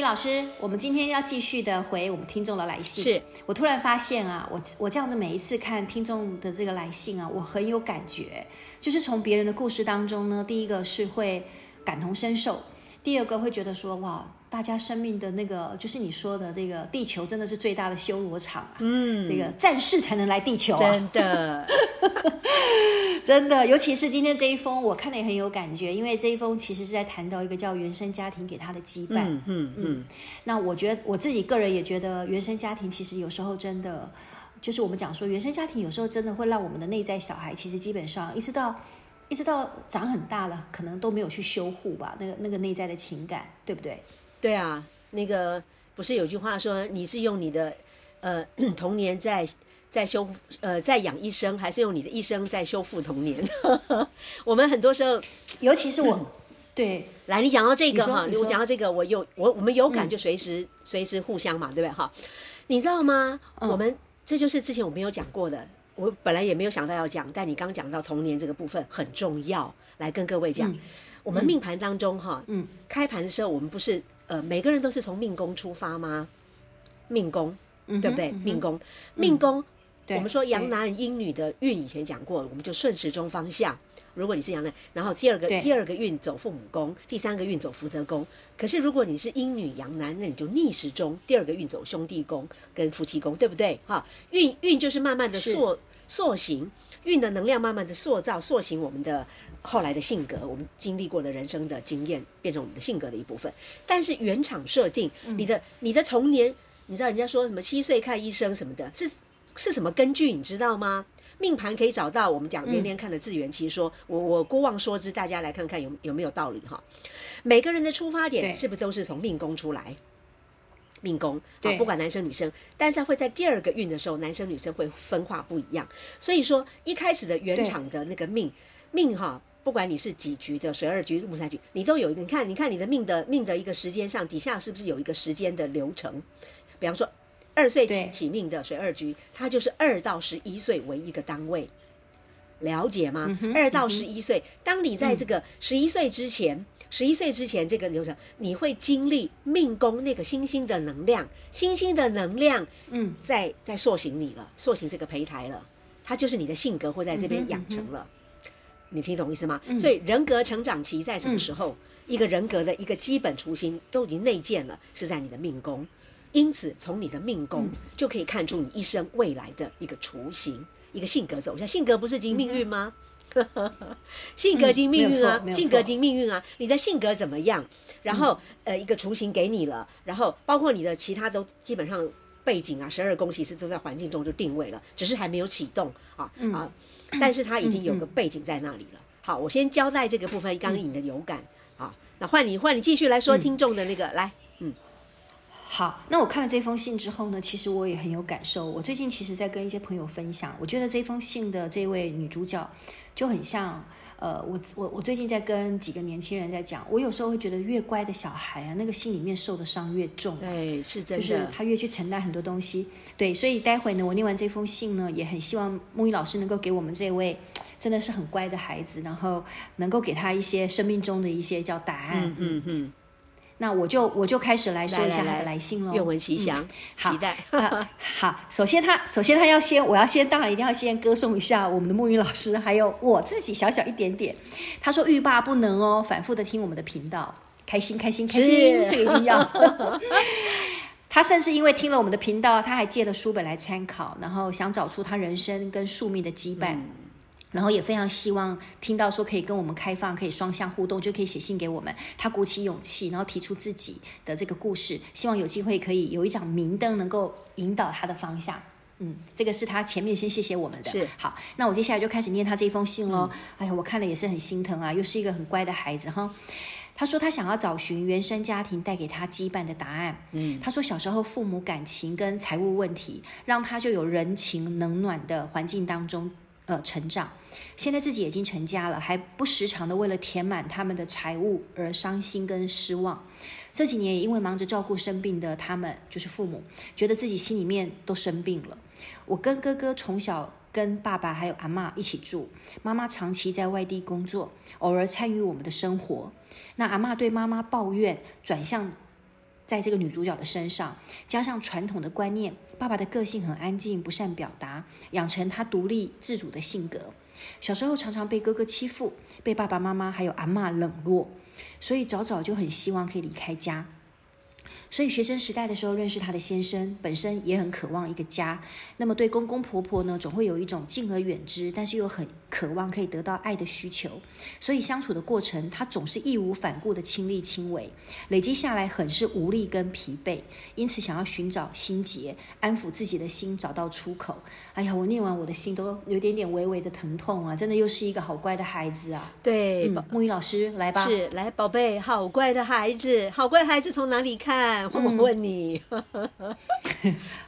李老師，我們今天要繼續的回我們聽眾的來信。是我突然發現啊，我我這樣子每一次看聽眾的這個來信啊，我很有感覺，就是從別人的故事當中呢，第一個是會感同身受，第二個會覺得說哇。大家生命的那個，就是你說的這個地球，真的是最大的修羅場啊！嗯，這個戰士才能來地球、啊、真的， 真的，尤其是今天這一封，我看的也很有感覺，因為這一封其實是在談到一個叫原生家庭給他的羈絆。嗯嗯，嗯，嗯。那我覺得我自己個人也覺得，原生家庭其實有時候真的，就是我們講說原生家庭有時候真的會讓我們的內在小孩，其實基本上一直到一直到長很大了，可能都沒有去修護吧，那個那個內在的情感，對不對？對啊，那個不是有句話說，你是用你的呃童年在在修復，呃在養一生，還是用你的一生在修復童年？ 我們很多時候，尤其是我，嗯、對，來，你講到這個哈，我講到這個，我有我我們有感就隨時、嗯、隨時互相嘛，對不對哈？你知道嗎？嗯、我們這就是之前我沒有講過的，我本來也沒有想到要講，但你剛講到童年這個部分很重要，來跟各位講，嗯、我們命盤當中、嗯、哈，嗯，開盤的時候我們不是。呃，每個人都是從命宮出發嗎？命宮，嗯、哼對不對？命宮，命宮，我們說陽男陰對女的運，以前講過，我們就順時鐘方向。如果你是陽男，然後第二個對第二個運走父母宮，第三個運走福德宮。可是如果你是陰女陽男，那你就逆時鐘，第二個運走兄弟宮跟夫妻宮，對不對？哈，運運就是慢慢的做。塑形運的能量，慢慢的塑造、塑形我們的後來的性格，我們經歷過的人生的經驗，變成我們的性格的一部分。但是原廠設定，你的你的童年，你知道人家說什麼七歲看一生什麼的，是是什麼根據你知道嗎？命盤可以找到。我們講年年看的自圓、嗯、其實說，我我姑妄說之，大家來看看有有沒有道理哈？每個人的出發點是不是都是從命宮出來？命宮對、啊，不管男生女生，但是會在第二個運的時候，男生女生會分化不一樣。所以說，一開始的原廠的那個命對命哈，不管你是幾局的水二局、木三局，你都有一個。你看，你看你的命的命的一個時間上，底下是不是有一個時間的流程？比方說，二歲起對起命的水二局，它就是二到十一歲為一個單位，了解嗎？二、嗯、哼到十一歲，嗯、哼當你在這個十一歲之前。嗯十一歲之前，這個流程你會經歷命宮那個星星的能量，星星的能量，嗯，在在塑形你了，塑形這個胚胎了，它就是你的性格會在這邊養成了，嗯嗯、你聽懂意思嗎？嗯、所以人格成長期在什麼時候？嗯、一個人格的一個基本雛形都已經內建了，是在你的命宮，因此從你的命宮就可以看出你一生未來的一個雛形，嗯、哼一個性格走向，性格不是已經命運嗎？嗯 性格及命運啊，嗯、性格及命運啊，你的性格怎麼樣？然後、嗯、呃，一個雛形給你了，然後包括你的其他都基本上背景啊，十二宮其實都在環境中就定位了，只是還沒有啟動啊啊，但是它已經有個背景在那裡了。嗯嗯、好，我先交代這個部分，嗯、剛剛引你的有感啊，那換你換你繼續來說聽眾的那個，嗯、來，嗯，好，那我看了這封信之後呢，其實我也很有感受。我最近其實，在跟一些朋友分享，我覺得這封信的這位女主角。就很像，呃，我我我最近在跟幾個年輕人在講，我有時候會覺得越乖的小孩啊，那個心裡面受的傷越重，啊，哎，是真的，就是他越去承擔很多東西，對，所以待會呢，我念完這封信呢，也很希望牧音老師能夠給我們這位真的是很乖的孩子，然後能夠給他一些生命中的一些叫答案，嗯嗯。嗯嗯那我就我就開始來說一下他的來信咯。願聞其詳，期待、 啊。好，首先他首先他要先，我要先，當然一定要先歌頌一下我們的牧音老師，還有我自己小小一點點。他說欲罷不能哦，反覆的聽我們的頻道，開心開心開心，開心是這個一樣。 他甚至因為聽了我們的頻道，他還借了書本來參考，然後想找出他人生跟宿命的羈絆。嗯然後也非常希望聽到說可以跟我們開放，可以雙向互動，就可以寫信給我們。他鼓起勇氣，然後提出自己的這個故事，希望有機會可以有一盞明燈能夠引導他的方向。嗯，這個是他前面先謝謝我們的。是好，那我接下來就開始念他這封信嘍。嗯、哎呀，我看了也是很心疼啊，又是一個很乖的孩子哈。他說他想要找尋原生家庭帶給他羈絆的答案。嗯，他說小時候父母感情跟財務問題，讓他就有人情冷暖的環境當中。呃，成長，現在自己已經成家了，還不時常的為了填滿他們的財務而傷心跟失望。這幾年也因為忙着照顧生病的他們，就是父母，覺得自己心裡面都生病了。我跟哥哥從小跟爸爸還有阿嬤一起住，媽媽長期在外地工作，偶爾參與我們的生活。那阿嬤對媽媽抱怨，轉向。在這個女主角的身上，加上傳統的觀念，爸爸的個性很安靜，不善表達，養成她獨立自主的性格。小時候常常被哥哥欺負，被爸爸媽媽還有阿嬤冷落，所以早早就很希望可以離開家。所以學生時代的時候，認識他的先生，本身也很渴望一個家。那麼對公公婆婆呢，總會有一種敬而遠之，但是又很渴望可以得到愛的需求。所以相處的過程，他總是義無反顧的親力親為，累積下來很是無力跟疲憊，因此想要尋找心結，安撫自己的心，找到出口。哎呀，我念完我的心都有點點微微的疼痛啊！真的又是一個好乖的孩子啊。對，牧音、嗯、保老師來吧。是，來寶貝，好乖的孩子，好乖的孩子從哪裡看？我問你，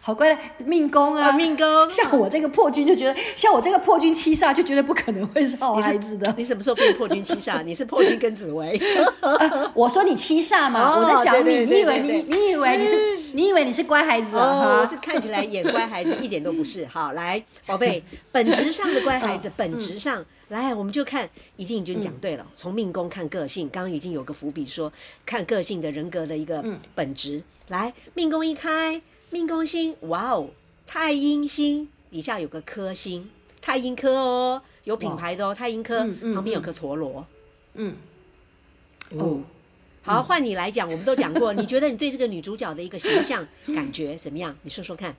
好乖，命宮啊，命宮。像我這個破軍就覺得，像我這個破軍七煞就覺得不可能會是好孩子的。你什麼時候變破軍七煞？你是破軍跟紫微。我說你七煞嘛，我在講你。你以為你，你以為你是，你以為你是乖孩子哦？我是看起來演乖孩子，一點都不是。好，來，寶貝，本質上的乖孩子，本質上。來，我們就看，一定已經講對了。嗯、從命宮看個性，剛剛已經有個伏筆說看個性的人格的一個本質。嗯、來，命宮一開，命宮星，哇哦，太陰星底下有個科星，太陰科哦，有品牌的哦，哦，太陰科、嗯嗯嗯、旁邊有個陀螺，嗯，嗯嗯哦，好，換你來講，我們都講過，嗯、你覺得你對這個女主角的一個形象 感覺怎麼樣？你說說看。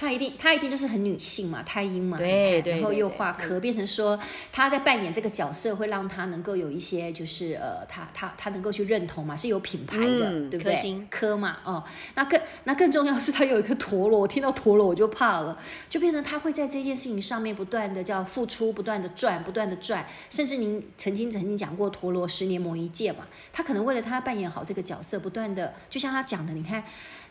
他一定，他一定就是很女性嘛，太陰嘛，對，台對，然後又化科變成說他在扮演這個角色，會讓他能夠有一些就是呃，他他他能夠去認同嘛，是有品牌的，嗯、對不對？科，星科嘛，哦，那更那更重要是他有一個陀螺，我聽到陀螺我就怕了，就變成他會在這件事情上面不斷的叫付出，不斷的轉，不斷的轉，甚至您曾經曾經講過陀螺十年磨一劍嘛，他可能為了他扮演好這個角色，不斷的就像他講的，你看。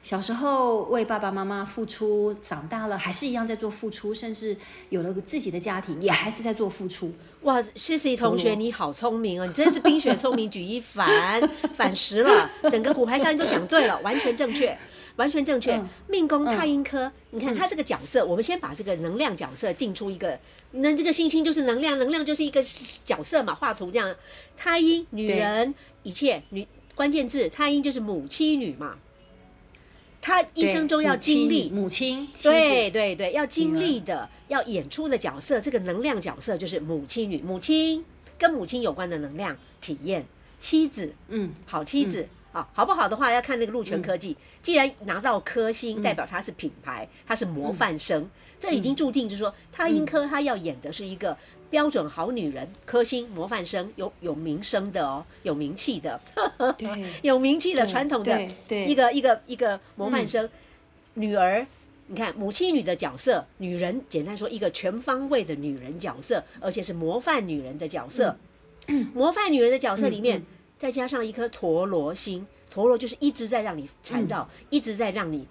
小時候為爸爸媽媽付出，長大了還是一樣在做付出，甚至有了自己的家庭，也還是在做付出。哇，思思同學你好聰明哦、啊，嗯、你真是冰雪聰明， 舉一反反十了，整個骨牌效應都講對了， 完全正確，完全正確。命宮太陰科，你看他這個角色，嗯、我們先把這個能量角色定出一個，那這個星星就是能量，能量就是一個角色嘛，畫圖這樣。太陰女人，對一切女關鍵字，太陰就是母妻女嘛。他一生中要經歷母親，母親對對對，要經歷的、嗯、要演出的角色，這個能量角色就是母親女，母親跟母親有關的能量體驗，妻子，嗯，好妻子、嗯、啊，好不好的話要看那個祿權科忌，嗯、既然拿到科星，代表他是品牌，嗯、他是模範生，這、嗯、已經注定就是說，他因科他要演的是一個。標準好女人，科星模範生，有有名聲的哦，有名氣的，對 有名氣的，對傳統的對對，一個一個一個模範生、嗯、女兒，你看母親女的角色，女人簡單說一個全方位的女人角色，而且是模範女人的角色，嗯嗯、模範女人的角色裡面、嗯、再加上一顆陀螺星，嗯、陀螺就是一直在讓你纏繞，嗯、一直在讓你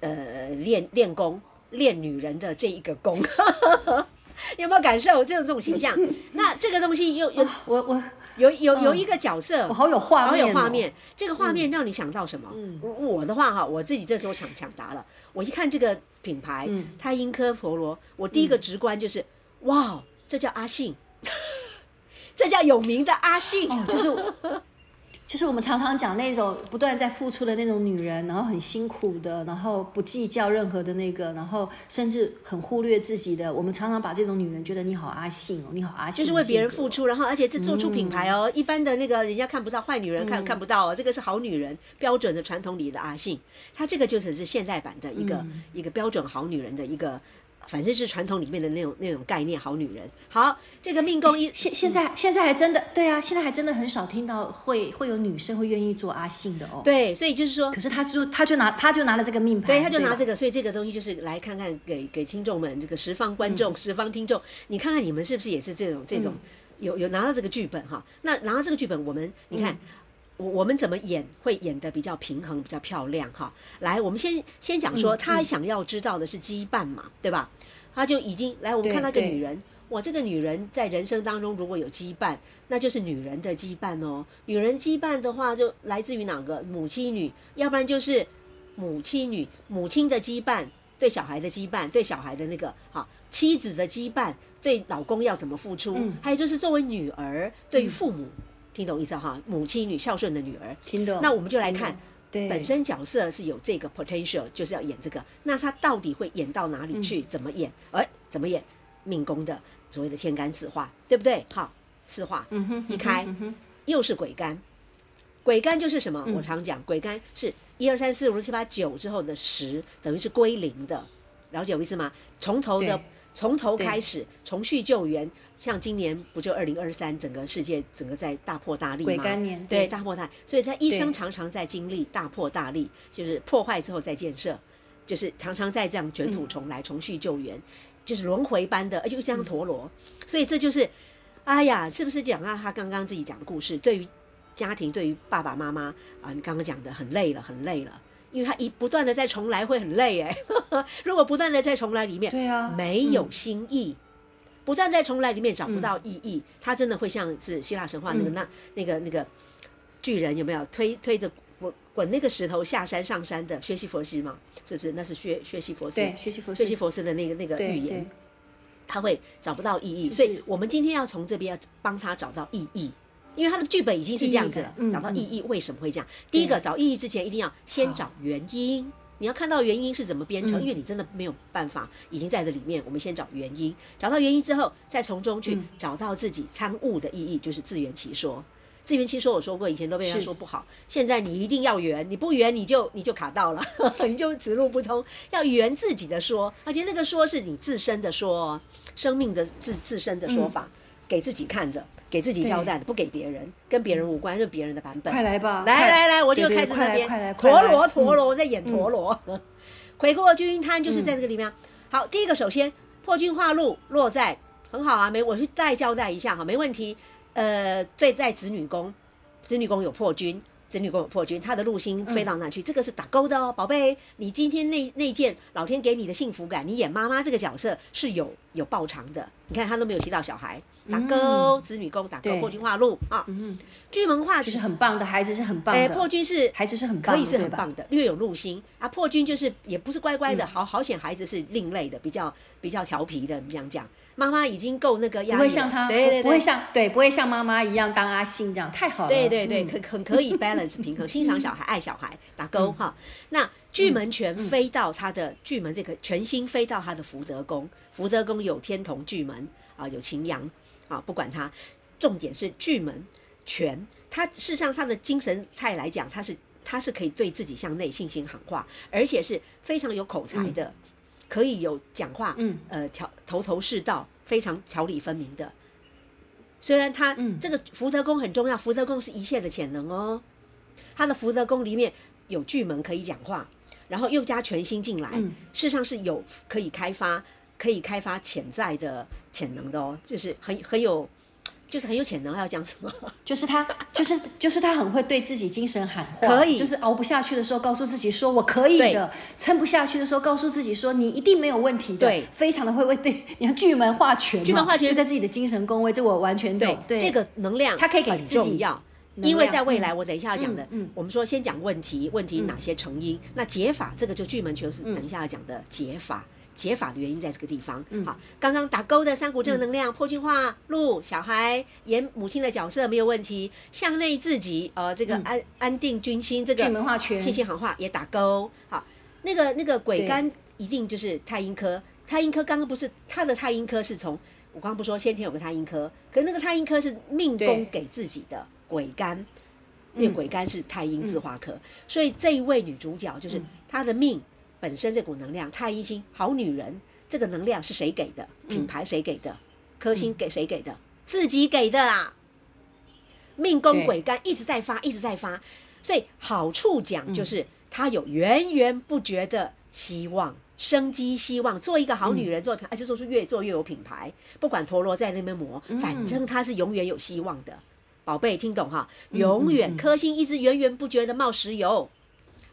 呃練練功練女人的這一個功。 你有沒有感受這種這種形象？ 那這個東西有有我我有有有一個角色，我好有畫好有畫面。這個畫面讓你想到什麼？嗯，嗯我，我的話哈，我自己這時候搶搶答了。我一看這個品牌，它、嗯、英科佛羅，我第一個直觀就是、嗯、哇，這叫阿信， 這叫有名的阿信，哦、就是。就是我們常常講那種不斷在付出的那種女人，然後很辛苦的，然後不計較任何的那個，然後甚至很忽略自己的。我們常常把這種女人覺得你好阿信哦，你好阿信，就是為別人付出，然後而且這做出品牌哦，嗯、一般的那個人家看不到壞女人看，看、嗯、看不到哦，這個是好女人標準的傳統裡的阿信，她這個就是是現代版的一個、嗯、一個標準好女人的一個。反正是傳統裡面的那種那種概念，好女人，好，這個命宮一現，現在現在還真的對啊，現在還真的很少聽到會會有女生會願意做阿信的哦。對，所以就是說，可是他就他就拿他就拿了這個命盤，對，他就拿這個，對了，所以這個東西就是來看看給給聽眾們這個十方觀眾、嗯、十方聽眾，你看看你們是不是也是這種、嗯、這種，有有拿到這個劇本哈，那拿到這個劇本，我們你看。嗯我我們怎麼演會演得比較平衡，比較漂亮哈？來，我們先先講說，他想要知道的是羈絆嘛，對吧？他就已經來，我們看到一個女人，哇，這個女人在人生當中如果有羈絆，那就是女人的羈絆哦。女人羈絆的話，就來自於哪個母親女，要不然就是母親女母親的羈絆，對小孩的羈絆，對小孩的那個好妻子的羈絆，對老公要怎麼付出，還有就是作為女兒對於父母。聽懂意思哈、啊，母親女孝順的女兒。聽懂。那我們就來看，本身角色是有這個 potential，就是要演這個。那他到底會演到哪裡去？嗯、怎麼演？哎、欸，怎麼演？命宮的所謂的天干四化，對不對？好，四化，嗯哼，一開，嗯嗯、又是癸干。癸干就是什麼？嗯、我常講，癸干是一二三四五六七八九之後的十，等於是歸零的，了解我意思嗎？從頭的，從對頭開始，重續對舊緣。像今年不就二零二三，整個世界整個在大破大立，癸卯年，對，大破大，對所以在一生常常在經歷大破大立，對就是破壞之後再建設，就是常常在這樣捲土重來、嗯、重續救援，就是輪回般的，而且像陀螺，嗯、所以這就是，哎呀，是不是講到，他剛剛自己講的故事，對於家庭，對於爸爸媽媽啊，你剛剛講的很累了，很累了，因為他一不斷的再重來會很累哎，如果不斷的再重來裡面，對啊，沒有新意。嗯不斷在重來裡面找不到意義，嗯、他真的會像是希臘神話那個那、嗯、那，那個那個巨人有沒有推推着滾滾那個石頭下山上山的薛西佛斯嗎？是不是？那是薛薛西佛斯對，薛西佛斯，薛西佛斯的那個那個寓言，他會找不到意義。對對對所以，我們今天要從這邊要幫他找到意義，因為他的劇本已經是這樣子了。嗯、找到意義為什麼會這樣？嗯、第一個，對找意義之前一定要先找原因。你要看到原因是怎麼編程，嗯、因為你真的沒有辦法，已經在這裡面。我們先找原因，找到原因之後，再從中去找到自己參悟的意義，嗯、就是自圓其說。自圓其說，我說過，以前都被人家說不好，是現在你一定要圓，你不圓你就你就卡到了， 你就此路不通。要圓自己的說，而且那個說是你自身的說，生命的自自身的說法。嗯給自己看着，給自己交代的，對不給別人，跟別人無關，是、嗯、別人的版本。快來吧，來來來，快我就開始那邊對對陀螺陀螺，嗯、在演陀螺，悔、嗯、 過軍攤就是在這個裡面。嗯、好，第一個首先破軍化祿落在，嗯、很好啊，沒，我是再交代一下哈，沒問題。呃，對在子女宮，子女宮有破軍。子女宮有破軍，他的祿星飛到那去，嗯、這個是打勾的哦，寶貝，你今天那那件老天給你的幸福感，你演媽媽這個角色是有有報償的。你看他都沒有提到小孩，打勾，嗯、子女宮打勾對破軍化祿啊，嗯、巨門化就是很棒的孩子是很棒的，欸、破軍是孩子是很可以是很棒的，吧略有祿星。啊，破軍就是也不是乖乖的，嗯、好好顯孩子是另類的，比較比較調皮的，你這樣講。媽媽已經夠那個壓力，不會像他，對對對，不會像對，不會像媽媽一樣當阿信這樣，太好了，對對對，可很可以 balance 平衡，欣賞小孩，愛小孩，打勾哈。那巨門權，飛到他的巨門這個，全心飛到他的福德宮，福德宮有天同巨門啊，有擎羊啊，不管他，重點是巨門權，他事實上他的精神態來講，他是他是可以對自己向內信心喊話，而且是非常有口才的。可以有講話，嗯，呃，條頭頭是道，非常條理分明的。雖然他這個福德宮很重要，嗯、福德宮是一切的潛能哦。他的福德宮裡面有巨門可以講話，然後又加全新進來，事實、嗯、上是有可以開發、可以開發潛在的潛能的哦，就是很很有。就是很有潛能，還要講什麼？就是他，就是就是他很會對自己精神喊話，可以，就是熬不下去的時候，告訴自己說我可以的，撐不下去的時候，告訴自己說你一定沒有問題的。對，非常的會為對，你看巨門化權，巨門化權在自己的精神宮位，這我完全懂。對，這個能量，他可以給自己要，因為在未來，我等一下要講的，我們說先講問題，問題哪些成因，那解法，這個就巨門球是等一下要講的解法。解法的原因在這個地方。嗯、好，剛剛打勾的三股正能量破軍、嗯、化祿，小孩演母親的角色沒有問題，向內自己，呃，這個安、嗯、安定軍心，這個進文化圈、啊、信心強化也打勾。好，那個那個癸干一定就是太陰科，對太陰科剛剛不是他的太陰科是從我剛剛不說先天有個太陰科，可是那個太陰科是命宮給自己的癸干，對因為癸干是太陰自化科，對嗯、所以這一位女主角就是她、嗯、的命。本身這股能量，太陰星好女人，這個能量是誰給的？嗯、品牌誰給的？科星給誰給的？嗯、自己給的啦。命宮癸干對一直在發，一直在發，所以好處講就是，他、嗯、有源源不絕的希望、生機、希望。做一個好女人，嗯、做品牌，而、哎、且說是越做越有品牌。不管陀螺在那邊磨，反正他是永遠有希望的。寶、嗯、貝，聽懂哈？永遠科星一直源源不絕的冒石油。嗯嗯嗯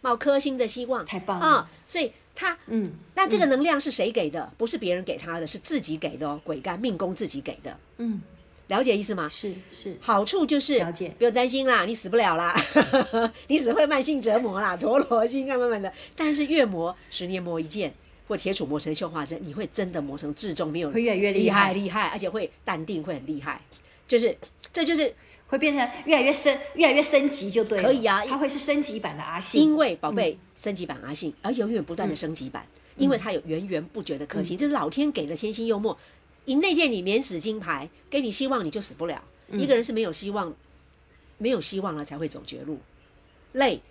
哦，科星的希望，太棒了啊，哦！所以他，嗯，那這個能量是誰給的？嗯、不是別人給他的，是自己給的哦，癸干命宮，自己給的，嗯，了解意思嗎？是是，是好處就是，了解，不用擔心啦，你死不了啦， 你只會慢性折磨啦， 陀羅星，啊，慢慢的，但是越磨，十年磨一劍，或鐵杵磨成繡花針，你會真的磨成至終沒有，會越來越厲害厲害,厲害，而且會淡定，會很厲害，就是這就是。會變成越來越升，越來越升級就對了。可以啊，它會是升級版的阿信。因為寶貝升級版阿信，而永遠不斷的升級版，因為它有源源不絕的克星。這是老天給的天心幽默，以內建你免死金牌，給你希望你就死不了。一個人是沒有希望，沒有希望了才會走絕路，累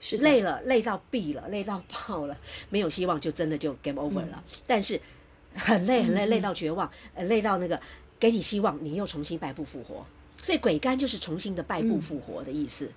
是累了，累到斃了，累到爆了，沒有希望就真的就 game over 了。但是很累很累，累到絕望，呃累到那個給你希望，你又重新百步復活。所以癸干就是重新的敗部復活的意思，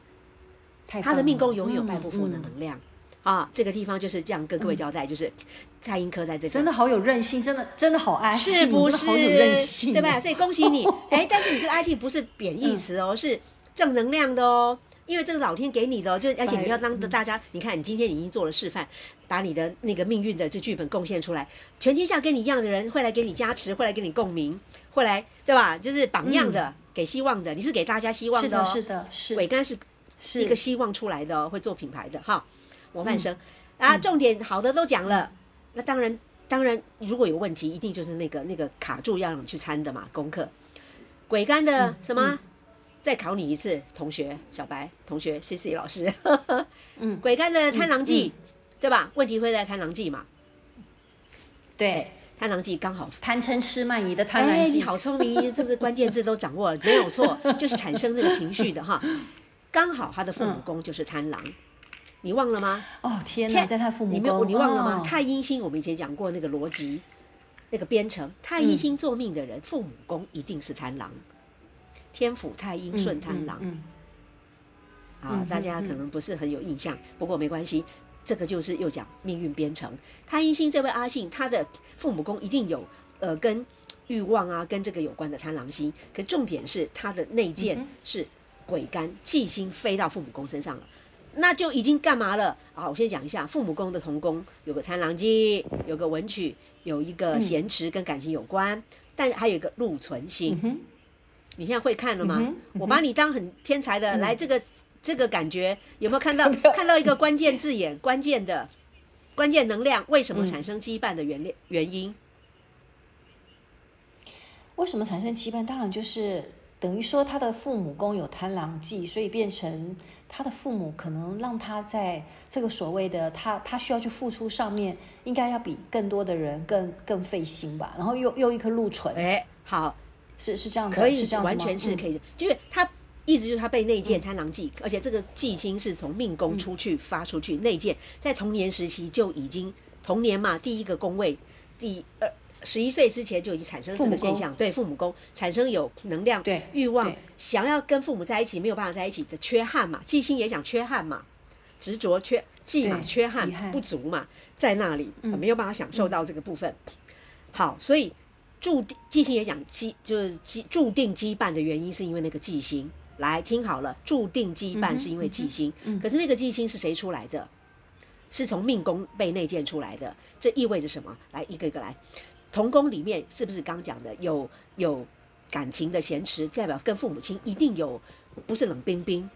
他的命宮永遠有敗部復的能量、嗯嗯、啊，這個地方就是這樣跟各位交代，嗯、就是蔡英科在這裡、個，真的好有韌性，真的真的好愛是不是？好有韌性、啊，對吧？所以恭喜你，誒、哦哦欸。但是你這個愛信不是貶義詞哦，嗯、是正能量的哦。因為這個老天給你的，喔，就而且你要當着大家，right, 你看你今天你已經做了示範，嗯、把你的那個命運的這劇本貢獻出來，全天下跟你一樣的人會來給你加持，會來給你共鳴，會來對吧？就是榜樣的，嗯、給希望的，你是給大家希望的，喔。是的，是的。是。鬼干是，一個希望出來的，喔，是會做品牌的哈，模範生、嗯、啊，嗯、重點好的都講了，嗯、那當然當然，如果有問題，一定就是那個那個卡住要讓你去參的嘛，功課。鬼干的什麼？嗯嗯再考你一次，同學小白同學，謝謝老師。嗯，癸干的貪狼忌對吧？問題會在貪狼忌嘛？對，貪狼忌剛好貪嗔痴慢疑的貪狼忌，好聰明，這個關鍵字都掌握，沒有錯，就是產生這個情緒的哈。剛好他的父母宮就是貪狼，你忘了嗎？哦天哪，在他父母宮，你沒有，你忘了嗎？太陰星，我們以前講過那個邏輯，那個編程，太陰星做命的人，父母宮一定是貪狼。天府太陰順貪狼，好，大家可能不是很有印象，嗯、不過沒關係，嗯、這個就是又講命運編程。太陰星這位阿信，他的父母宮一定有呃跟欲望啊跟這個有關的貪狼星，可重點是他的內劍是癸干忌、嗯、哼星飛到父母宮身上了，那就已經幹嘛了？啊，我先講一下父母宮的同宮，有個貪狼星，有個文曲，有一個咸池跟感情有關，嗯、但還有一個祿存星。嗯你現在會看了嗎？嗯嗯、我把你當很天才的，來這個、嗯、這個感覺有沒有看到看到一個關鍵字眼？嗯、關鍵的，關鍵能量為什麼產生羈絆的原、嗯、原因？為什麼產生羈絆？當然就是等於說他的父母宮有貪狼忌，所以變成他的父母可能讓他在這個所謂的他他需要去付出上面，應該要比更多的人更更費心吧。然後又又一顆祿存，哎、欸，好。是是這樣，可以完全是可以，就是他一直就是他被內建貪狼忌，而且這個忌星是從命宮出去發出去，內建在童年時期就已經童年嘛，第一個宮位，第二十一歲之前就已經產生這個現象，對父母宮產生有能量、慾望，想要跟父母在一起，沒有辦法在一起的缺憾嘛，忌星也想缺憾嘛，執着缺忌嘛，缺憾不足嘛，在那裡沒有辦法享受到這個部分，好，所以。注定，忌星也講，忌就是忌，注定羈絆的原因，是因為那個忌星。來聽好了，注定羈絆是因為忌星。嗯嗯嗯、可是那個忌星是誰出來的，是從命宮被內建出來的，這意味着什麼？來一個一個來，同宮裡面是不是剛講的有有感情的嫌持，代表跟父母親一定有不是冷冰冰。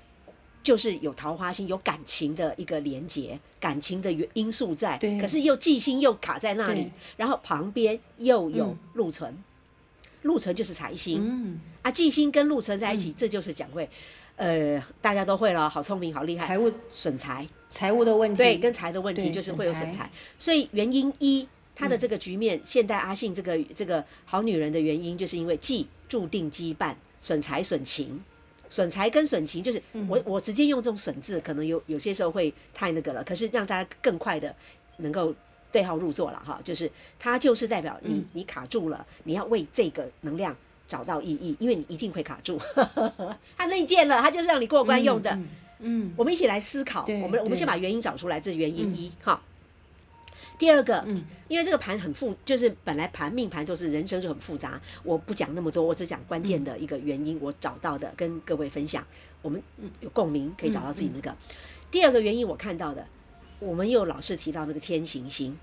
就是有桃花星，有感情的一個連結，感情的原因素在，對可是又忌星又卡在那裡，對然後旁邊又有祿存，嗯、祿存就是財星，嗯、啊，忌星跟祿存在一起，嗯、這就是講會，呃，大家都會了，好聰明，好厲害，財務損財，財財務的問題，對，跟財的問題就是會有損財，所以原因一，他的這個局面，現代阿信這個這個好女人的原因，就是因為忌注定羈絆，損財損情。損財跟損情，就是我、嗯、我直接用這種損字，可能有有些時候會太那個了。可是讓大家更快的能夠對號入座了哈，就是它就是代表你、嗯、你卡住了，你要為這個能量找到意義，因為你一定會卡住，呵呵呵它內建了，它就是讓你過關用的。嗯，嗯我們一起來思考，嗯、我們對我們先把原因找出來，對這是原因一、嗯、哈。第二個，嗯，因為這個盤很複，就是本來盤命盤就是人生就很複雜，我不講那麼多，我只講關鍵的一個原因，嗯、我找到的跟各位分享，我們有共鳴可以找到自己那個。嗯嗯、第二個原因我看到的，我們又老是提到那個天行星，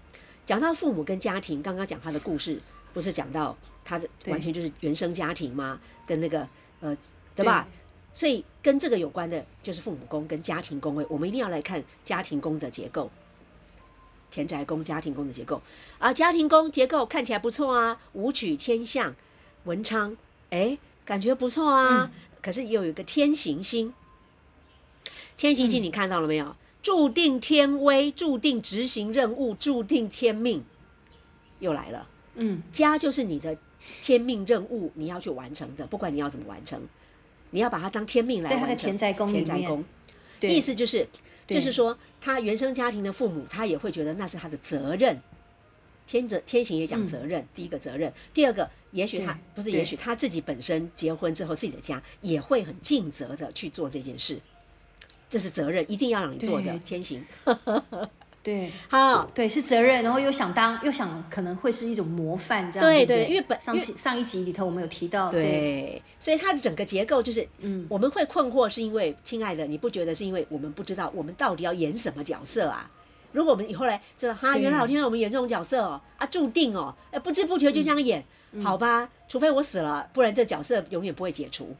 講到父母跟家庭，剛剛講他的故事，不是講到他的完全就是原生家庭嗎？對跟那個呃，對吧？對所以跟這個有關的就是父母宮跟家庭宮位，我們一定要來看家庭宮的結構。田宅宮家庭宮的結構啊，家庭宮結構看起來不錯啊，武曲天相文昌，誒、欸，感覺不錯啊。嗯、可是又有一個天行星，天行星你看到了沒有？嗯、注定天威，注定執行任務，注定天命又來了。嗯，家就是你的天命任務，你要去完成的，不管你要怎麼完成，你要把它當天命來完成。在田宅宮意思就是。就是說，他原生家庭的父母，他也會覺得那是他的責任。天澤天行也講責任，嗯、第一個責任，第二個，也許他對不是也，也許對他自己本身結婚之後，自己的家也會很盡責的去做這件事。這是責任，一定要讓你做的，對天行。 對，好，對，是責任，然後又想當，又想，可能會是一種模範這樣。對對，因為本上上一集裡頭我們有提到，對，對所以它的整個結構就是，嗯，我們會困惑，是因為親愛的，你不覺得是因為我們不知道我們到底要演什麼角色啊？如果我們以後來知道，這哈，原來我天我們演這種角色哦，對啊，注定哦，哎，不知不覺就這樣演，嗯、好吧，嗯、除非我死了，不然這角色永遠不會解除，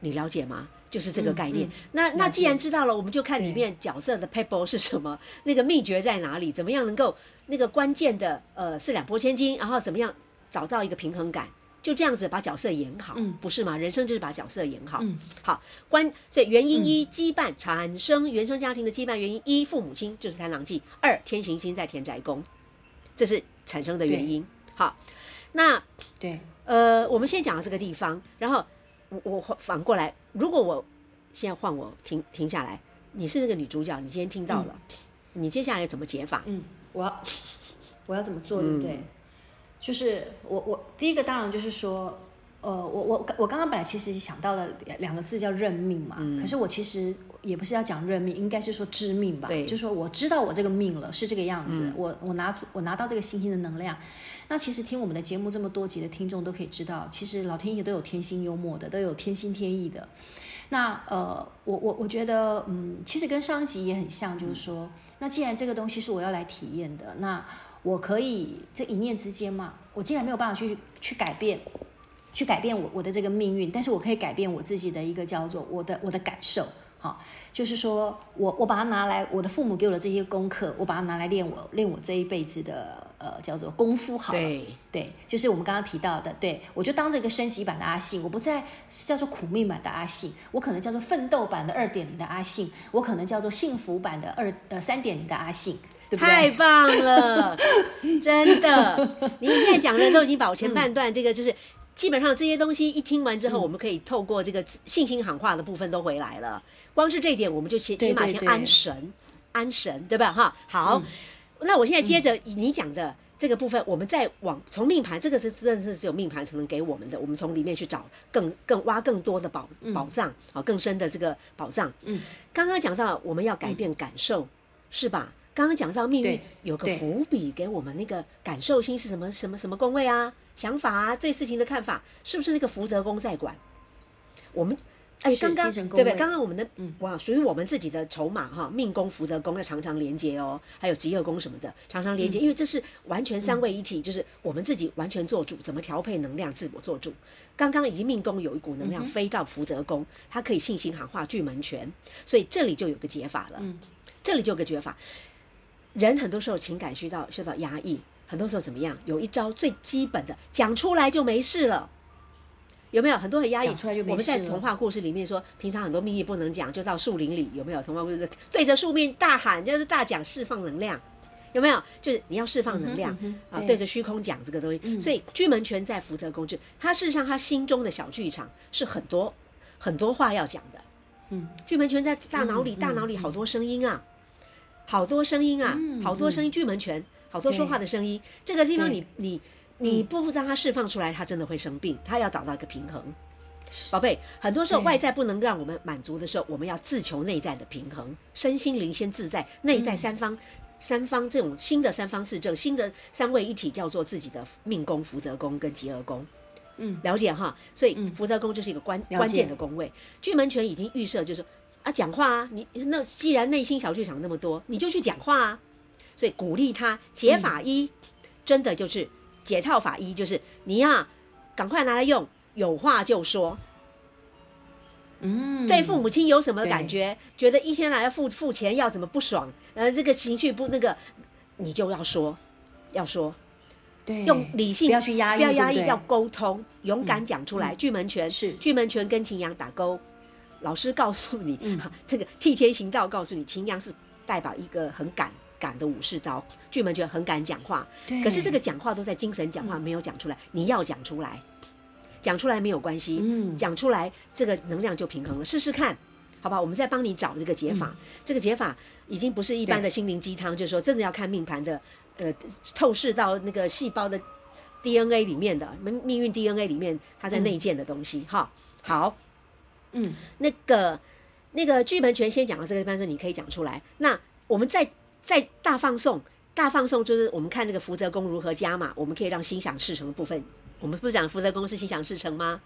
你了解嗎？就是這個概念。嗯嗯、那那既然知道了，是我們就看裡面角色的 paper 是什麼，對那個秘訣在哪裡？怎麼樣能夠那個關鍵的呃，四兩撥千斤？然後怎麼樣找到一個平衡感？就這樣子把角色演好，嗯、不是嗎？人生就是把角色演好。嗯、好，關，所以原因一，羈絆產生原生家庭的羈絆原因一，父母親就是貪狼忌；二，天行星在田宅宮，這是產生的原因。對好，那對呃，我們先講到這個地方，然後。我我反過來，如果我現在換我停停下來，你是那個女主角，你今天聽到了，嗯、你接下來怎麼解法？嗯，我要我要怎麼做，對不對？嗯、就是我我第一個當然就是說，呃，我我我剛剛本來其實想到了兩個字叫認命嘛，嗯、可是我其實。也不是要講認命，應該是說知命吧。對，就說我知道我這個命了，是這個樣子。嗯、我我拿出我拿到這個星星的能量。那其實聽我們的節目這麼多集的聽眾都可以知道，其實老天爺都有天心幽默的，都有天心天意的。那呃，我我我覺得，嗯，其實跟上一集也很像，就是說，嗯、那既然這個東西是我要來體驗的，那我可以這一念之間嘛，我既然沒有辦法去去改變，去改變我我的這個命運，但是我可以改變我自己的一個叫做我的我的感受。好，就是說我我把它拿來，我的父母給我的這些功課，我把它拿來練我練我這一輩子的呃叫做功夫好，好對，對，就是我們剛剛提到的，對我就當這個升級版的阿信，我不再是叫做苦命版的阿信，我可能叫做奮鬥版的二點零的阿信，我可能叫做幸福版的二呃三點零的阿信，對不對？太棒了， 真的，您現在講的都已經把我前半段、嗯、這個就是。基本上這些東西一聽完之後，我們可以透過這個信心喊話的部分都回來了。光是這一點，我們就起碼先安神，安神，對吧？哈，好。那我現在接着以你講的這個部分，我們再往從命盤，這個是真的是有命盤才能給我們的。我們從裡面去找更更挖更多的寶寶藏、好，更深的這個寶藏。剛剛講到我們要改變感受，是吧？剛剛講到命運有個伏筆給我們，那個感受心是什麼什麼什麼宮位啊？想法啊，這事情的看法是不是那個福德宮在管？我們哎，欸、是剛剛神對不對？剛剛我們的、嗯、哇，屬於我們自己的籌碼哈，命宮、福德宮要常常連接哦，還有疾厄宮什麼的，常常連接，嗯、因為這是完全三位一體，嗯、就是我們自己完全做主，怎麼調配能量，自我做主。剛剛已經命宮有一股能量、嗯、哼飛到福德宮，它可以信心喊話巨門權，所以這裡就有個解法了。嗯、這裡就有個解法。人很多時候情感需到受到壓抑。很多時候怎麼樣？有一招最基本的，講出來就沒事了，有沒有？很多很壓抑，講出來就沒事了。我們在童話故事裡面說，嗯、平常很多秘密不能講，就到樹林裡，有沒有？童話故事對着樹面大喊，就是大講釋放能量，有沒有？就是你要釋放能量嗯哼嗯哼啊，對着虛空講這個東西。嗯、所以巨門權在福德宮，就他事實上他心中的小劇場是很多很多話要講的。嗯，巨門權在大腦裡，大腦裡好多聲音，啊嗯嗯嗯、音啊，好多聲音啊，好多聲音。巨、嗯嗯、門權。好多說話的聲音，對這個地方你對你你不讓他釋放出來，他真的會生病。嗯、他要找到一個平衡，寶貝。很多時候外在不能讓我們滿足的時候，對我們要自求內在的平衡，身心靈先自在。內在三方，、嗯、三，方三方這種新的三方四正新的三位一體叫做自己的命宮福德宮跟疾厄宮。嗯，了解哈。所以福德宮就是一個關、嗯、關鍵的宮位。巨門權已經預設就是啊講話啊，你那既然內心小劇場那麼多，你就去講話啊。對，鼓勵他解法一，嗯、真的就是解套法一，就是你呀，趕快拿來用，有話就說。嗯，對父母親有什麼感覺？對覺得一天來要付付錢，要怎麼不爽？呃，這個情緒不那個，你就要說，要說，對，用理性不要去壓抑，不要壓抑，對對要溝通，勇敢講出來。巨、嗯、門權是巨是門權跟擎羊打勾，老師告訴你，嗯、這個替天行道，告訴你，擎羊是代表一個很敢。敢的武士刀，巨門就很敢講話。對可是這個講話都在精神講話，沒有講出來。嗯、你要講出來，講出來沒有關係。嗯，講出來這個能量就平衡了。試試看，好不好？我們再幫你找這個解法。嗯、這個解法已經不是一般的心靈雞湯，對就是說真的要看命盤的，呃，透視到那個細胞的 DNA 裡面的命運 DNA 裡面，它在內建的東西。嗯、哈，好，嗯、那個，那個那個巨門權先講到這個地方的時候，你可以講出來。那我們再。在大放送，大放送就是我們看這個福德宮如何加嘛，我們可以讓心想事成的部分，我們不是講福德宮是心想事成嗎？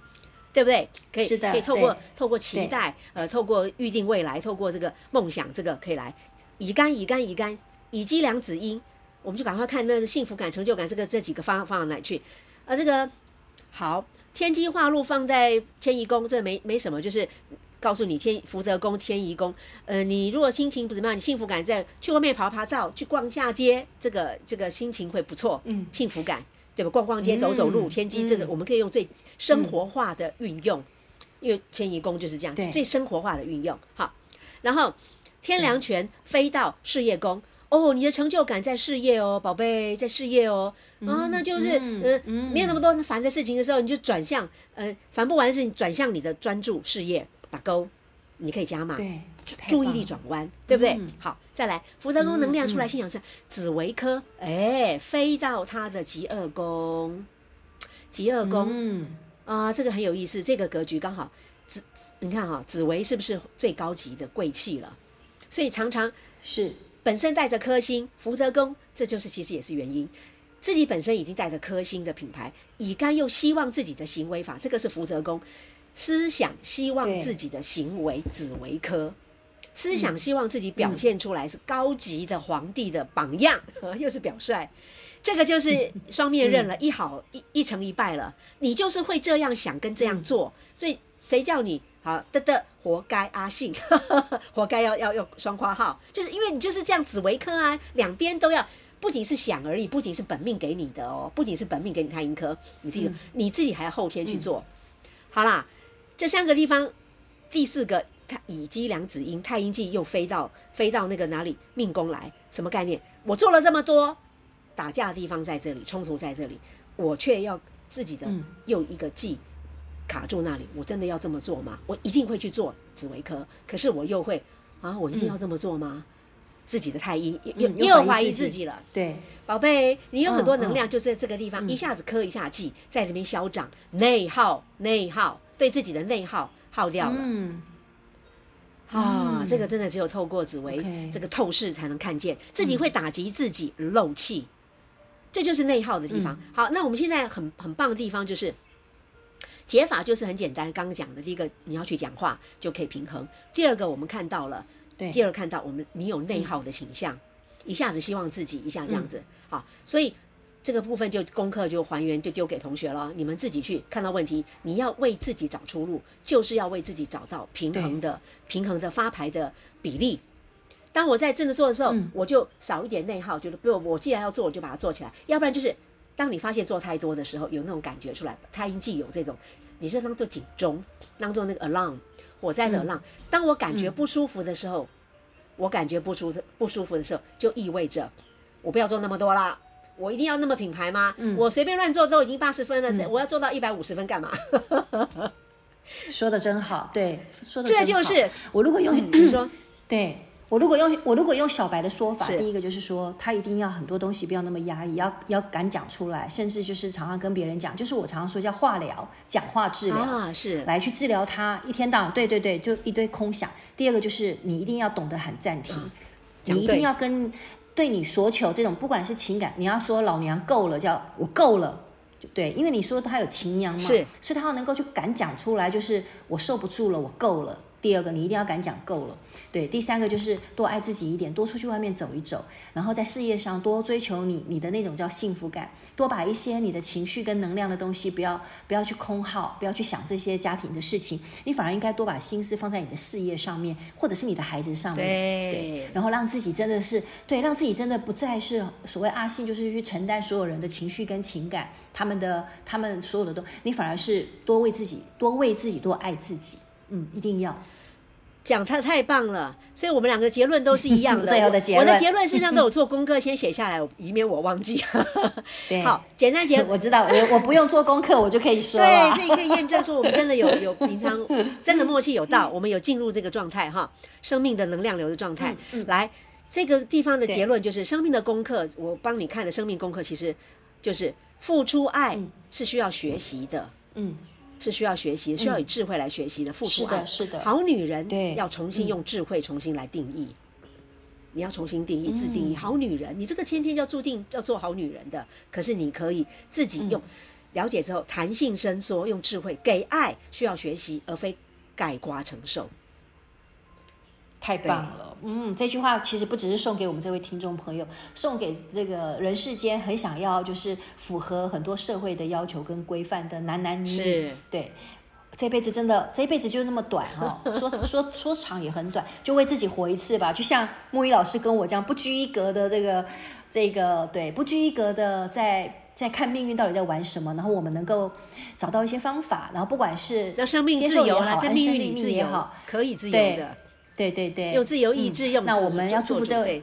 對不對？可以，是的可以透過對透過期待，對呃，透過預定未來，透過這個夢想，這個可以來。乙干乙干乙干乙機梁紫陰，我們就趕快看那個幸福感、成就感這個這幾個方法放到哪去？呃、啊，這個好，天機化祿放在遷移宮，這沒沒什麼，就是。告訴你天福德宮遷移宮，嗯、呃，你如果心情不怎麼樣，你幸福感在去外面拍拍照，去逛下街，這個這個心情會不錯，嗯，幸福感，對吧？逛逛街，走走路，嗯、天機這個我們可以用最生活化的運用，嗯、因為遷移宮就是這樣，嗯、最生活化的運用。好，然後天梁權飛到事業宮，嗯、哦，你的成就感在事業哦，寶貝在事業哦，啊、哦，那就是嗯，呃、嗯，沒有那麼多煩的事情的時候，你就轉向嗯，煩、呃、不完的事情轉向你的專注事業。打勾，你可以加嘛？對，注意力轉彎，對不對？嗯、好，再來，福德宮能量出來，信仰是紫微科，嗯嗯、哎，飛到他的疾厄宮，疾厄宮，嗯、啊，這個很有意思。這個格局剛好，紫，你看哈、哦，紫微是不是最高級的貴氣了？所以常常是本身帶着科星，福德宮，這就是其實也是原因，自己本身已經帶着科星的品牌，乙干又希望自己的行為法，這個是福德宮。思想希望自己的行為紫微對科，思想希望自己表現出來是高級的皇帝的榜樣，嗯嗯、 又是表率，這個就是雙面刃了，嗯、一好一一成一敗了。你就是會這樣想跟這樣做，嗯、所以誰叫你好得得活該阿信， 活該要要用雙花號，就是因為你就是這樣紫微科啊，兩邊都要，不僅是想而已，不僅是本命給你的哦，不僅是本命給你太陰科，你自己，嗯、你自己還要後天去做、嗯、好啦。這三個地方，第四個太乙機梁紫陰太陰忌又飛到飛到那個哪裡命宮來？什麼概念？我做了這麼多打架的地方在這裡，衝突在這裡，我卻要自己的用一個忌卡住那裡，我真的要這麼做嗎？嗯、我一定會去做紫微科，可是我又會啊，我一定要這麼做嗎？嗯、自己的太陰又、嗯、又懷疑自己了，對、嗯，寶貝，你有很多能量就在這個地方，嗯、一下子科一下忌，在這邊消長，內耗內耗。內耗對自己的內耗耗掉了，嗯，啊，啊這個真的只有透過紫微 Okay, 這個透視才能看見，嗯、自己會打擊自己漏氣，這就是內耗的地方。嗯、好，那我們現在很很棒的地方就是解法就是很簡單，剛剛講的第一個你要去講話就可以平衡。第二個我們看到了，對，第二看到我們你有內耗的傾向，嗯、一下子希望自己一下這樣子，嗯、好，所以。這個部分就功課就還原就交給同學了，你們自己去看到問題，你要為自己找出路，就是要為自己找到平衡的對平衡的發牌的比例。當我在真的做的時候，嗯、我就少一點內耗，就是比如我既然要做，我就把它做起來。要不然就是，當你發現做太多的時候，有那種感覺出來，太陰既有這種，你就當做警鐘，當做那個 alarm 火災的 alarm。嗯、當我感覺不舒服的時候，嗯、我感覺不舒不舒服的時候，就意味着我不要做那麼多啦。我一定要那麼品牌嗎？嗯、我隨便亂做都已經八十分了，這、嗯、我要做到一百五十分幹嘛？說得真好，對，說得真好。這就是我如果用比如 說，對我如果用我如果用小白的說法，是第一個就是說他一定要很多東西不要那麼壓抑，要要敢講出來，甚至就是常常跟別人講，就是我常常說叫化療，講話治療、啊、是來去治療他一天到晚。對對對，就一堆空想。第二個就是你一定要懂得喊暫停，嗯、你一定要跟對你所求這種，不管是情感，你要說老娘夠了，叫我夠了，對，因為你說他有情娘嘛，是，所以他要能夠去敢講出來，就是我受不住了，我夠了。第二個，你一定要敢講夠了，對。第三個就是多愛自己一點，多出去外面走一走，然後在事業上多追求你你的那種叫幸福感，多把一些你的情緒跟能量的東西，不要不要去空耗，不要去想這些家庭的事情，你反而應該多把心思放在你的事業上面，或者是你的孩子上面，對，對。然後讓自己真的是對，讓自己真的不再是所謂阿信，就是去承擔所有人的情緒跟情感，他們的他們所有的都，你反而是多為自己，多為自己，多愛自己，嗯，一定要。講得太棒了，所以我們兩個結論都是一樣的。 最後的結論我，我的結論事實上都有做功課，先寫下來， 以免我忘記。對 好，簡單結，我知道，我我不用做功課， 我就可以說。對，所以可以驗證說我們真的有有平常真的默契有到， 嗯、我們有進入這個狀態哈，生命的能量流的狀態。嗯嗯、來，這個地方的結論就是對生命的功課，我幫你看的。生命功課其實就是付出愛是需要學習的。嗯。嗯嗯是需要學習，需要以智慧來學習的。付出愛、嗯，是的，是的，好女人要重新用智慧重新來定義，嗯、你要重新定義、自定義好女人。你這個先天就注定要做好女人的，可是你可以自己用了解之後彈性伸縮，用智慧給愛需要學習，而非概括承受。太棒了，對嗯，這句話其實不只是送給我們這位聽眾朋友，送給這個人世間很想要就是符合很多社會的要求跟規範的男男女女。是對，這輩子真的，這一輩子就那麼短哦，說說說長也很短，就為自己活一次吧。就像牧音老師跟我這樣不拘一格的這個這個，對，不拘一格的在在看命運到底在玩什麼，然後我們能夠找到一些方法，然後不管是生命自由、啊、命也好，安身立命也好，可以自由的。對對對對，有自由意志，嗯、用那我們要祝福這位。就就對，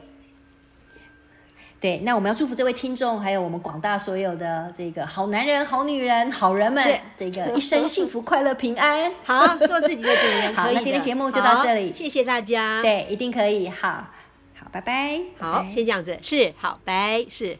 對，那我們要祝福這位聽眾，還有我們廣大所有的這個好男人、好女人、好人們，是這個一生幸福、快樂、平安 好，好做自己的主人。 好，的那今天節目就到這裡，好謝謝大家。對，一定可以，好，好，拜拜。好，拜拜先這樣子，是好，拜是。